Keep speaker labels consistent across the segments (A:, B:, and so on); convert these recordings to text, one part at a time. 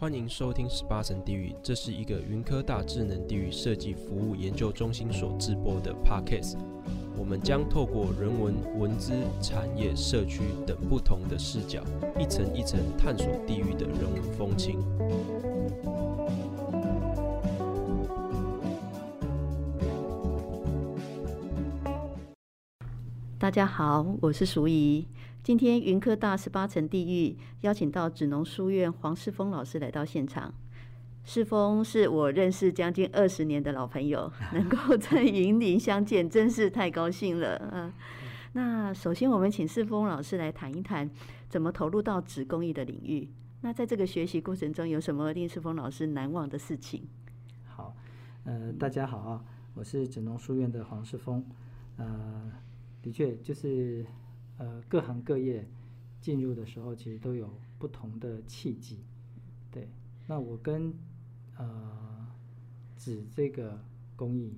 A: 歡迎收聽《十八層地域》，這是一個雲科大智能地域設計服務研究中心所製播的 Podcast。我們將透過人文、文資、產業、社區等不同的視角，一層一層探索地域的人文風情。
B: 大家好，我是淑怡。今天雲科大十八層地域邀請到紙農書院黃世豐老師來到現場。世豐是我認識將近二十年的老朋友，能夠在雲林相見， 真是太高興了。嗯、呃，那首先我們請世豐老師來談一談，怎麼投入到紙工藝的領域。那在這個學習過程中，有什麼令世豐老師難忘的事情？好，
A: 呃，大家好，啊，我是紙農書院的黃世豐。呃，的確就是。呃，各行各業進入的時候，其實都有不同的契機。對，那我跟呃紙這個工藝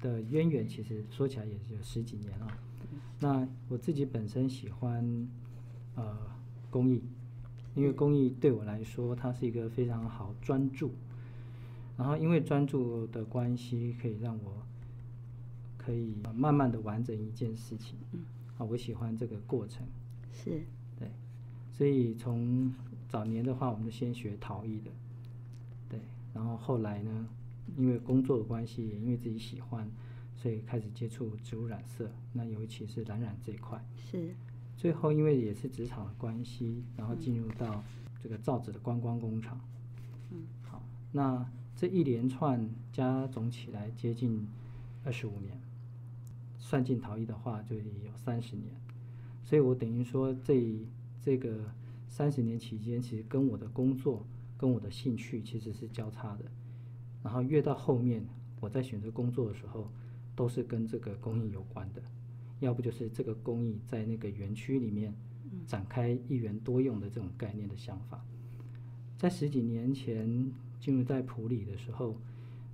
A: 的淵源，其實說起來也有十幾年了啊。那我自己本身喜歡呃工藝，因為工藝對我來說，它是一個非常好專注。然後因為專注的關係，可以讓我可以慢慢的完整一件事情。啊，我喜歡這個過程，是，對，所以從早年的話，我們先學陶藝的，對，然後後來呢，因為工作的關係，也因為自己喜歡，所以開始接觸植物染色，那尤其是染染這一塊，是，最後因為也是職場的關係，然後進入到這個造紙的觀光工廠，嗯，好，那這一連串加總起來接近二十五年。算進陶藝的話，就已經有三十年，所以我等於說，這，這這個三十年期間，其實跟我的工作、跟我的興趣其實是交叉的。然後越到後面，我在選擇工作的時候，都是跟這個工藝有關的，要不就是這個工藝在那個園區裡面展開一園多用的這種概念的想法。在十幾年前進入在埔里的時候，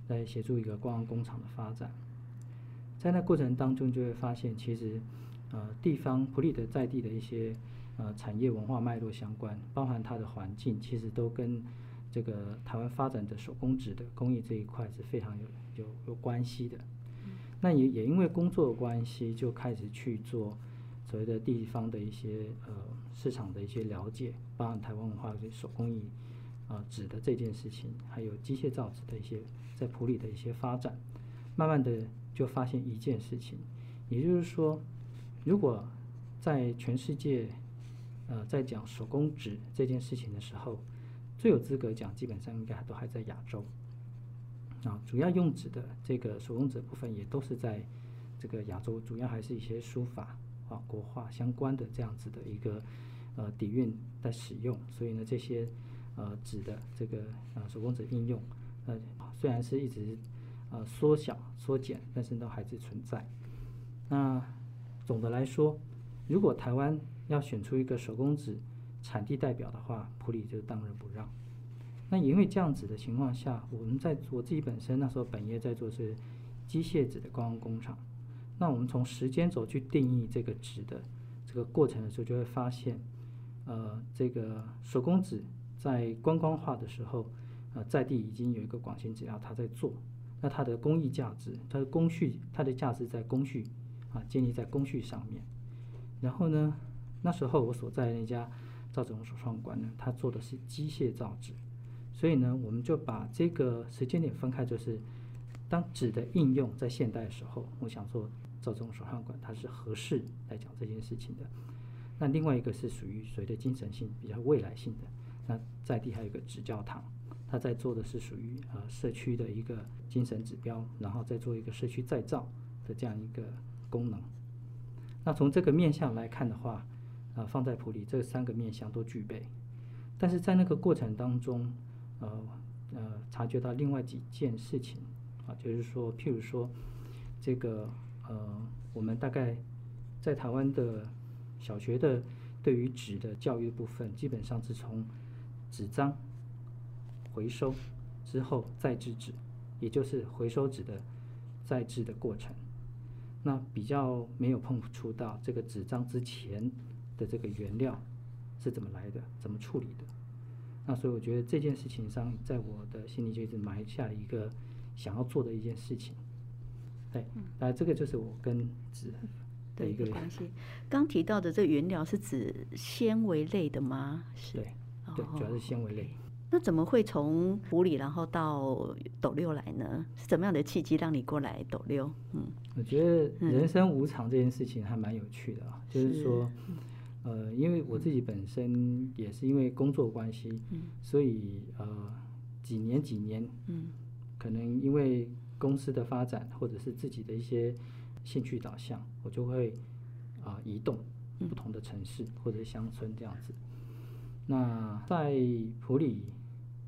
A: 來協助一個觀光工廠的發展。在那個過程當中，就會發現，其實，呃，地方埔里的在地的一些呃產業文化脈絡相關，包含它的環境，其實都跟這個台灣發展的手工紙的工藝這一塊是非常有有有關係的。嗯、那也也因為工作的關係，就開始去做所謂的地方的一些呃市場的一些了解，包含台灣文化的手工藝啊紙的這件事情，還有機械造紙的一些在埔里的一些發展，慢慢的。就發現一件事情，也就是說，如果在全世界，呃，在講手工紙這件事情的時候，最有資格講，基本上應該都還在亞洲，啊，主要用紙的這個手工紙部分也都是在這個亞洲，主要還是一些書法啊、國畫相關的這樣子的一個呃底蘊在使用，所以呢，這些呃紙的這個啊、呃、手工紙應用，呃，雖然是一直。呃，縮小、縮減，但是都還是存在。那總的來說，如果台灣要選出一個手工紙產地代表的話，埔里就當仁不讓。那因為這樣子的情況下，我們在我自己本身那時候本業在做是機械紙的觀光工廠。那我們從時間軸去定義這個紙的這個過程的時候，就會發現，呃，這個手工紙在觀光化的時候，呃，在地已經有一個廣興紙業他在做。那它的工藝價值，它的工序，它的價值在工序，啊，建立在工序上面。然後呢，那時候我所在的那家造紙龍手創館呢，它做的是機械造紙，所以呢，我們就把這個時間點分開，就是當紙的應用在現代的時候，我想說造紙龍手創館它是合適來講這件事情的。那另外一個是屬於所謂的精神性比較未來性的。那在地還有一個紙教堂。他在做的是屬於啊社區的一個精神指標，然後再做一個社區再造的這樣一個功能。那從這個面向來看的話，啊，放在埔里這三個面向都具備，但是在那個過程當中，呃呃，察覺到另外幾件事情啊，就是說，譬如說這個呃，我們大概在台灣的小學的對於紙的教育的部分，基本上是從紙張。回收之後再制紙，也就是回收紙的再制的過程。那比較沒有碰觸到這個紙張之前的這個原料是怎麼來的，怎麼處理的。那所以我覺得這件事情上，在我的心裡就一直埋下一個想要做的一件事情。對，那、嗯、這個就是我跟紙的一個關係。
B: 剛提到的這個原料是指纖維類的嗎？是對，哦、對，主要
A: 是纖維類。Okay.
B: 那怎麼會從埔里然後到斗六來呢？是怎麼樣的契機讓你過來斗六？
A: 嗯，我覺得人生無常這件事情還蠻有趣的啊，是就是說，呃，因為我自己本身也是因為工作關係，嗯，所以呃幾年幾年，嗯，可能因為公司的發展或者是自己的一些興趣導向，我就會啊、呃、移動不同的城市或者鄉村這樣子。那在埔里。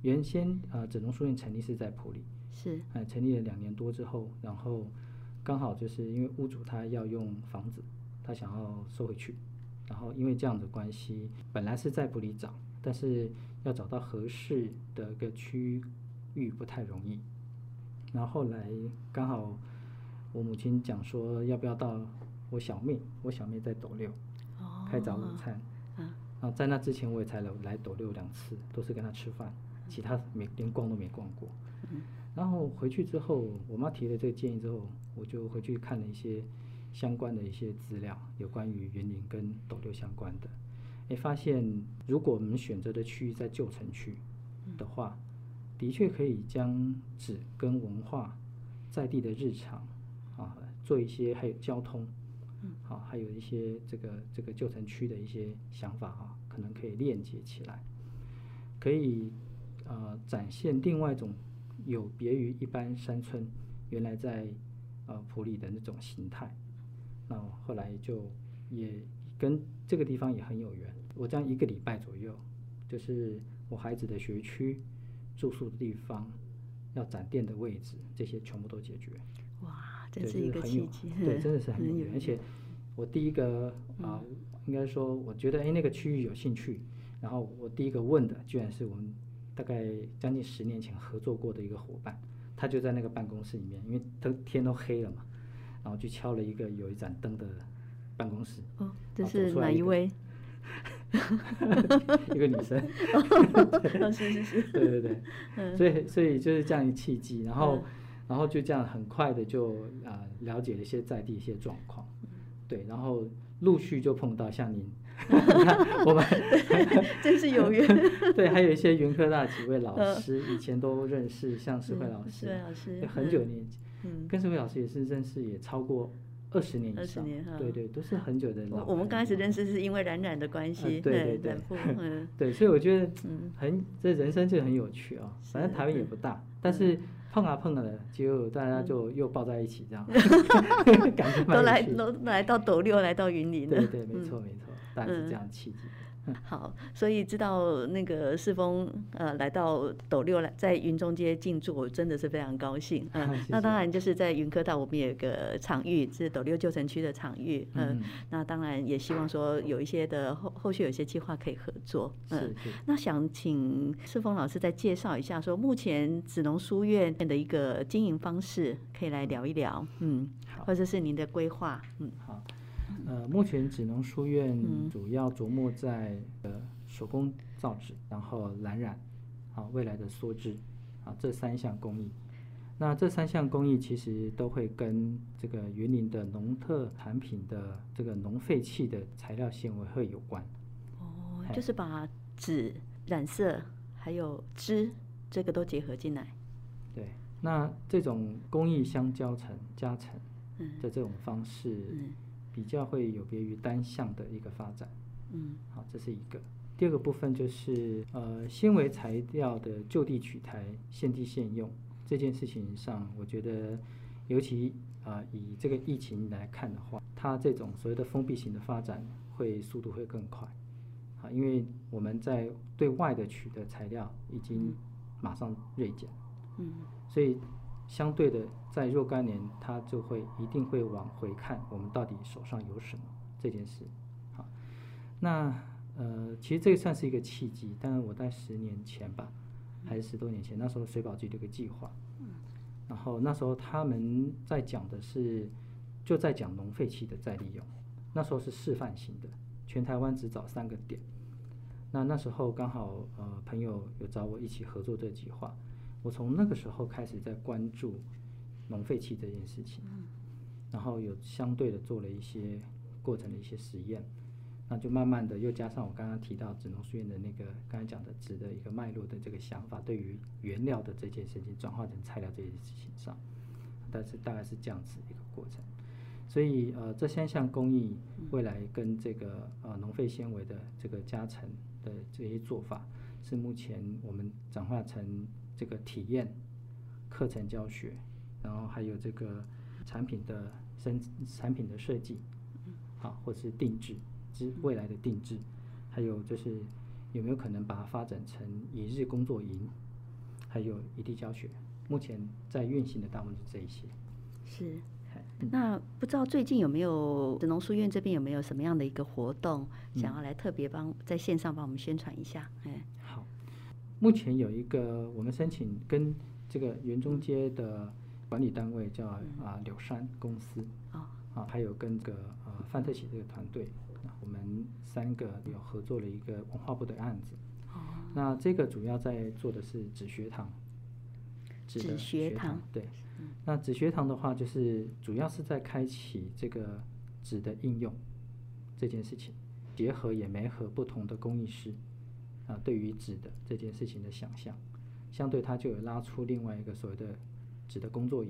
A: 原先啊，紙、呃、農書院成立是在埔里，是，哎、呃，成立了兩年多之後，然後剛好就是因為屋主他要用房子，他想要收回去，然後因為這樣的關係，本來是在埔里找，但是要找到合適的個區域，不太容易。然後後來剛好我母親講說，要不要到我小妹，我小妹在斗六，哦、開早午餐，啊，然後在那之前我也才來來斗六兩次，都是跟她吃飯。其他沒連逛都沒逛過，然後回去之後，我媽提了這個建議之後，我就回去看了一些相關的一些資料，有關於埔里跟斗六相關的。哎，發現如果我們選擇的區域在舊城區的話，的確可以將紙跟文化在地的日常啊，做一些還有交通，啊，還有一些這個這個舊城區的一些想法啊，可能可以鏈接起來，可以。呃，展現另外一種有別於一般山村原來在呃埔里的那種形態。那我後來就也跟這個地方也很有緣。我這樣一個禮拜左右，就是我孩子的學區、住宿的地方、要展店的位置，這些全部都解決。哇，這是一個對，很有對，真的是很有緣。有而且我第一個啊，呃嗯、應該說我覺得哎那個區域有興趣，然後我第一個問的居然是我們。大概將近十年前合作過的一個夥伴，他就在那個辦公室裡面，因為都天都黑了嘛，然後去敲了一個有一盞燈的辦公室。哦，這是一哪一位？ 一個女生。是是是。對對對。嗯、所以所以就是這樣一契機，然後、嗯、然後就這樣很快的就啊、呃、了解了一些在地一些狀況，對，然後陸續就碰到像您。
B: 我們真是有緣，
A: 對，還有一些雲科大幾位老師以前都認識，像石慧老師，石慧老師，很久年，嗯，跟石慧老師也是認識，也超過二十年以上，對對，都是很久的老。我們
B: 剛開始認識是因為冉冉的關係，對對對，對，
A: 所以我覺得很，這人生就很有趣啊。反正台灣也不大，但是碰啊碰的，結果大家就又抱在一起這樣，都來
B: 都來到斗六，來到雲林了，對對，沒錯沒錯。是這樣的嗯，好，所以知道那個世豐呃來到斗六來在雲中街進駐，我真的是非常高興。嗯、呃，啊、謝謝，那當然就是在雲科大我們也有個場域，是斗六舊城區的場域。呃、嗯，那當然也希望說有一些的、啊、後後續有些計劃可以合作。嗯、呃，是是，那想請世豐老師再介紹一下說目前紙農書院的一個經營方式，可以來聊一聊。嗯，好或者是您的規劃。嗯，好。
A: 呃，目前紙農書院主要琢磨在呃手工造紙，嗯、然後藍染，啊、未來的梭織，啊這三項工藝。那這三項工藝其實都會跟這個雲林的農特產品的這個農廢棄的材料纖維會有關。
B: 哦，就是把
A: 紙染
B: 色還有織這個都結合進來。
A: 對，那這種工藝相交成加成的，嗯、這種方式，嗯。比較會有別於單向的一個發展，嗯，好，這是一個。第二個部分就是呃，纖維材料的就地取材、現地現用這件事情上，我覺得尤其啊、呃，以這個疫情來看的話，它這種所謂的封閉型的發展會速度會更快，啊，因為我們在對外的取的材料已經馬上銳減，嗯，所以。相對的，在若干年，他就會一定會往回看我們到底手上有什麼這件事。好，那呃，其實這算是一個契機。但我在十年前吧，還是十多年前，那時候水保局這個計劃，然後那時候他們在講的是，就在講農廢棄的再利用。那時候是示範型的，全台灣只找三個點。那那時候剛好呃，朋友有找我一起合作這計劃。我從那個時候開始在關注農廢棄這件事情，嗯、然後有相對的做了一些過程的一些實驗，那就慢慢的又加上我剛剛提到紙農書院的那個剛才講的紙的一個脈絡的這個想法，對於原料的這件事情轉化成材料這件事情上，但是大概是這樣子一個過程，所以呃這三項工藝未來跟這個呃農廢纖維的這個加成的這些做法，是目前我們轉化成。這個體驗、課程教學，然後還有這個產品的生產品的設計，好、啊，或是定制之未來的定制，還有就是有沒有可能把它發展成一日工作營，還有一地教學，目前在運行的大部分是這一些。
B: 是，嘿那不知道最近有沒有紙農書院這邊有沒有什麼樣的一個活動，嗯、想要來特別幫在線上幫我們宣傳一下，
A: 目前有一個，我們申請跟這個雲中街的管理單位叫啊，柳杉公司啊，還有跟這個呃范特喜這個團隊，我們三個有合作了一個文化部的案子。那這個主要在做的是紙學堂，紙的學堂對，那紙學堂的話就是主要是在開啟這個紙的應用這件事情，結合也媒合不同的工藝師。啊，對於紙的這件事情的想象，相對他就有拉出另外一個所謂的紙的工作營。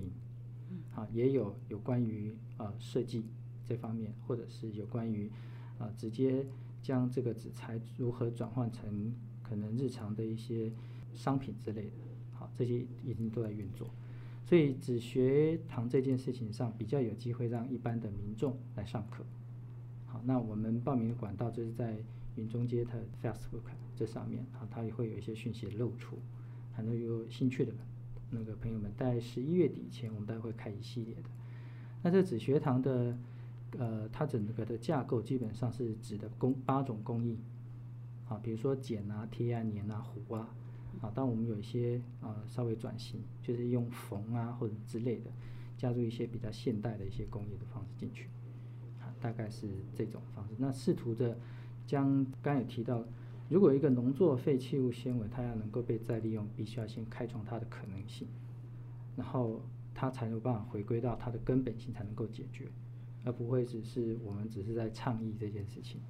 A: 好、啊，也有有關於啊設計這方面，或者是有關於啊直接將這個紙材如何轉換成可能日常的一些商品之類的，好、啊，這些已經都在運作，所以紙學堂這件事情上比較有機會讓一般的民眾來上課，好、啊，那我們報名的管道就是在。雲中街，它 Facebook 這上面啊，它也會有一些訊息露出。很多有興趣的，那個朋友們，在十一月底前，我們大概會開一系列的。那這紙學堂的，呃，它整個的架構基本上是指的工八種工藝，啊，比如說，剪啊、貼啊、粘啊、糊啊，啊，當我們有一些啊稍微轉型，就是用縫啊或者之類的，加入一些比較現代的一些工藝的方式進去，啊，大概是這種方式。那試圖的。將剛有提到，如果一個農作廢棄物纖維，它要能夠被再利用，必須要先開創它的可能性，然後它才有辦法回歸到它的根本性，才能夠解決，而不會只是我們只是在倡議這件事情。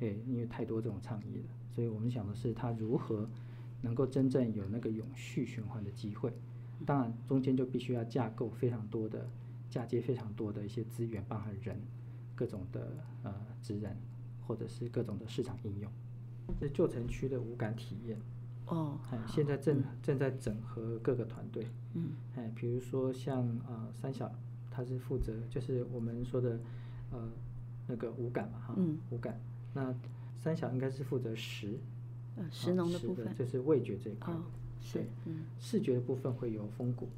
A: 哎、欸，因為太多這種倡議了，所以我們想的是它如何能夠真正有那個永續循環的機會。當然，中間就必須要架構非常多的嫁接，非常多的一些資源，包含人各種的呃資源。或者是各種的市場應用，這舊城區的五感體驗哦，現在正、嗯、正在整合各個團隊，嗯，哎，比如說像啊、呃、三小，他是負責就是我們說的呃那個五感嘛哈，嗯、五感，那三小應該是負責食，
B: 呃、嗯、食農的部分，的就
A: 是味覺這一塊，哦、對，嗯、視覺的部分會由風谷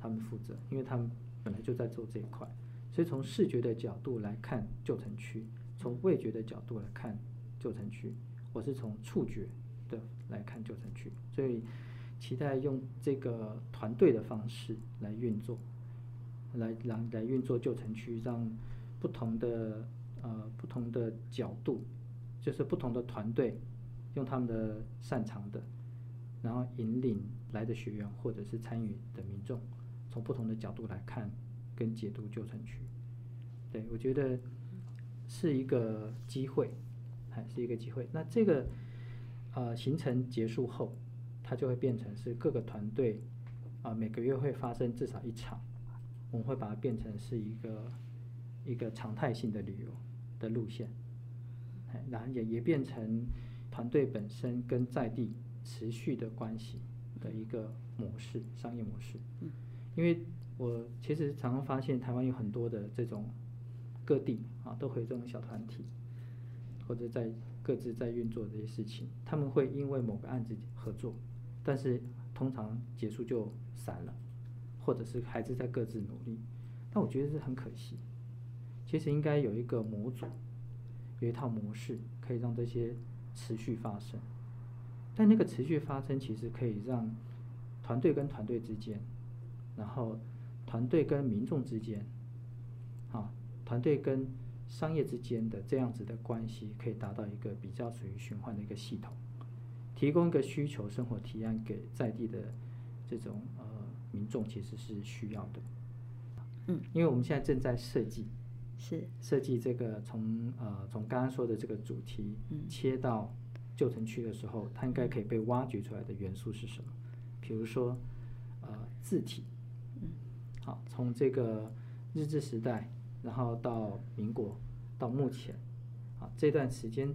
A: 他們負責，嗯、因為他們本來就在做這一塊，所以從視覺的角度來看舊城區。從味覺的角度來看舊城區，我是從觸覺的來看舊城區，所以期待用這個團隊的方式來運作，來讓來，來運作舊城區，讓不同的呃不同的角度，就是不同的團隊用他們的擅長的，然後引領來的學員或者是參與的民眾，從不同的角度來看跟解讀舊城區，對我覺得。是一個機會，還是一個機會？那這個呃行程結束後，它就會變成是各個團隊啊，呃，每個月會發生至少一場，我們會把它變成是一個一個常態性的旅遊的路線，然後也也變成團隊本身跟在地持續的關係的一個模式，商業模式。嗯，因為我其實常常發現台灣有很多的這種。各地啊，都會有這種小團體，或者在各自在運作這些事情。他們會因為某個案子合作，但是通常結束就散了，或者是還是在各自努力。但我覺得是很可惜。其實應該有一個模組，有一套模式可以讓這些持續發生。但那個持續發生，其實可以讓團隊跟團隊之間，然後團隊跟民眾之間。團隊跟商業之間的這樣子的關係，可以達到一個比較屬於循環的一個系統，提供一個需求生活提案給在地的這種呃民眾，其實是需要的。嗯，因為我們現在正在設計，是設計這個從呃從剛剛說的這個主題切到舊城區的時候，嗯、它應該可以被挖掘出來的元素是什麼？比如說呃字體，嗯，好，從這個日治時代，然後到民國，到目前，啊這段時間，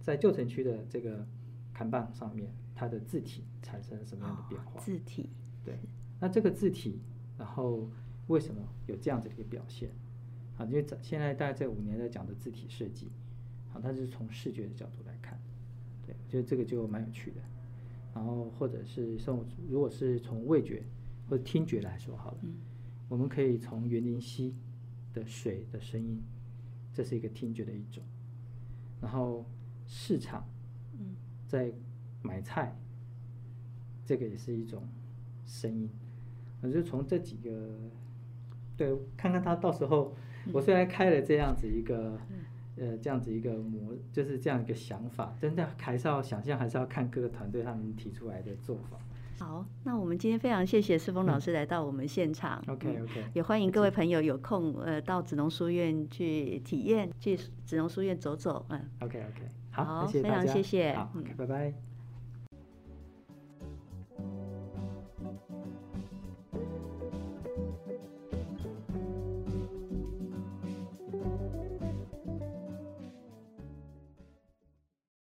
A: 在舊城區的這個看板上面，它的字體產生什麼樣的變化？哦、字體。對，是那這個字體，然後為什麼有這樣子的一個表現？啊，因為現在大概這五年在講的字體設計，啊，它是從視覺的角度來看，對，我覺得這個就蠻有趣的。然後或者是從如果是從味覺或者聽覺來說，好了，嗯、我們可以從雲林溪。的水的聲音，這是一個聽覺的一種。然後市場，在買菜，嗯、這個也是一種聲音。我就從這幾個，對，看看他到時候。嗯、我雖然開了這樣子一個，呃，這樣子一個模，就是這樣一個想法。真的，還是要想象，還是要看各個團隊他們提出來的做法。
B: 好，那我們今天非常謝謝世豐老師來到我們現場。嗯、OK OK，也歡迎各位朋友有空謝謝呃到紙農書院去體驗，去紙農書院走走。嗯，OK OK，好，嗯、非常謝謝，嗯，拜
A: 拜、okay。